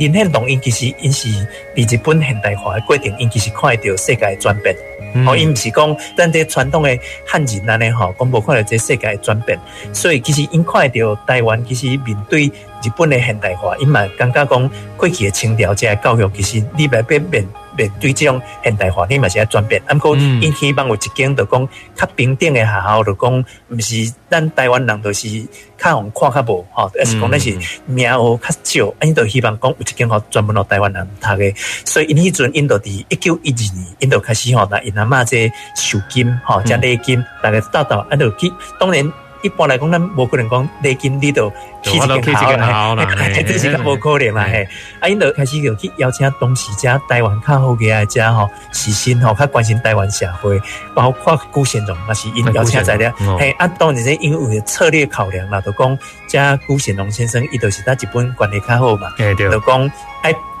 林獻堂，伊其實因是比日本現代化嘅過程，伊其實看到世界轉變，哦、嗯，伊唔是講咱這傳統嘅漢人呐，呢吼，講無看到這個世界轉變，所以其實伊看到台灣其實面對日本嘅現代化，伊嘛感覺講過去嘅清朝這教育，其實你白變變。面對這種現代化，你咪先要轉變。啊毋過伊希望有一間就講較平等嘅學校，就講毋是咱台灣人，就是較互看較無，吼，還是講咱是名號較少，伊、嗯啊、就希望講有一間學專門互台灣人讀嘅。所以伊迄陣，伊着佇一九一二年，伊着開始吼，嗱，伊阿嬤即個小金，嚇、哦，將啲金，嗯、大家到到啊度去，當然。一般來講，咱冇可能講嚟見呢度，起咁好啦，呢啲事都冇可能嘛。啊啊，英就開始就去邀請當時遮，台灣客戶嘅阿者吼是先吼較關心台灣社會，包括辜顯榮也是，邀請在呢。係，啊，當然嘢因為策略考量，就講，即辜顯榮先生，伊都是在日本管理較好嘛，就講，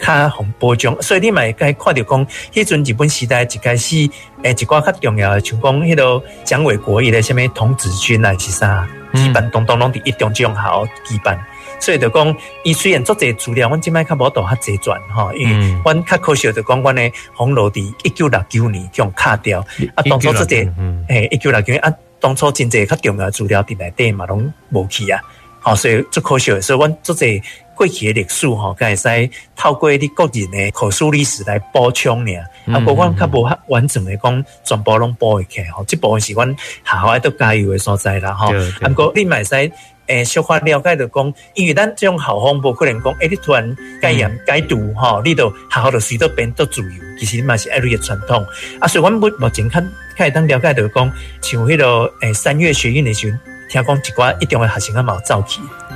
較紅波將，所以你咪介看到講，迄陣日本時代一開始，誒，一寡較重要的，像講，迄度蔣緯國，伊個什物童子軍還是啥，基本統統攏佇一中中學基本，所以就講，伊雖然做啲資料，阮即擺較無法度較齊全吼，哈，嗯，阮較可惜就講，阮呢紅樓佇一九六九年將敲掉，啊，當初嗰嗯，誒，一九六九，年、嗯、啊，當初真濟較重要資料，佇內底嘛攏無去啊，好，所以最可惜，所以，阮做啲。過去的歷史吼，甲會使透過啲個人的口述歷史來補充呢，嗯嗯嗯不過我較冇完整嘅講，全部攏補起，吼，這部分是阮海外的加油嘅所在啦，吼，啊，不過你咪使誒，消化了解到講，因為咱這種校風不可能講，誒、欸，你突然改嚴、嗯、改讀，吼，你好好的都學校都隨到變到自由，其實咪是愛路嘅傳統。啊，所以阮不目前看，較會當了解到講，像迄、那個誒、欸、三月學運時陣，聽講一寡一中的學生習嘛有走去。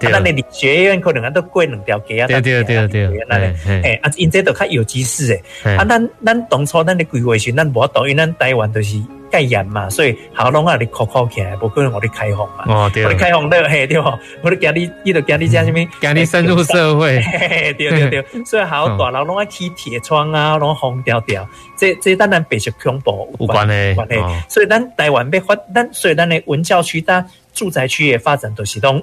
咱的離學院可能啊都過兩條街啊，對對對對，哎，對嘿嘿啊，對啊個，因這都較有知識誒。啊，咱咱當初咱的規劃是咱無等於咱台灣都是戒嚴嘛，所以好攏啊，你扣扣起來不可能，我哋開放嘛。哦、喔對啊，對啊。我哋開放咧，嘿，對哦，我哋驚你，伊都驚你加蝦米？驚、嗯、你深入社會。對，對對對，所以好大樓攏啊起鐵窗啊，攏封雕雕，這這當然白色恐怖有關誒，有關係、哦。所以咱台灣要發，咱所以咱的文教區、咱住宅區嘅發展是都是東。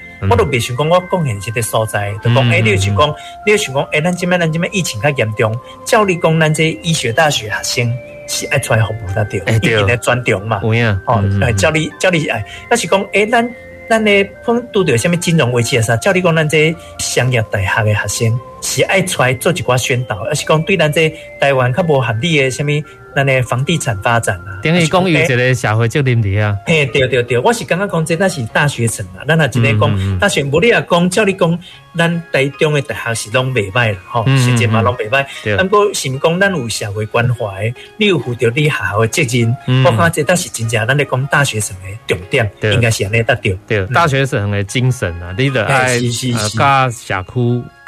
我都未想講，我講現實的所在，就講，誒、嗯，說嗯、你要想講，你要想講，誒，咱今物，咱今物疫情較嚴重，照理講，咱這醫學大學的學生是要來，是要出來服務的，一定要尊重嘛。嗯嗯、哦，誒、嗯，照理，照理，誒，要是講，誒，咱，咱呢，碰到什麼金融危機的時候，照理講，咱這商業大學的學生。是愛出來做一寡宣導，而是講對咱這台灣較無合理的蝦米咱的房地產發展啊？等於有一個社會責任啊。對，對對對，我是講，是大學生啊。咱真講，大學無咱台中的大學是攏袂否啦，吼、哦，嘛攏、嗯嗯嗯、不過，先講咱有社會關懷，你有負着你的學校嘅責任。嗯、我看這倒是真正咱嚟講大學生嘅重點，對應該是安尼才對。對，嗯、對，大學生嘅精神啊，你得愛、啊呃、加下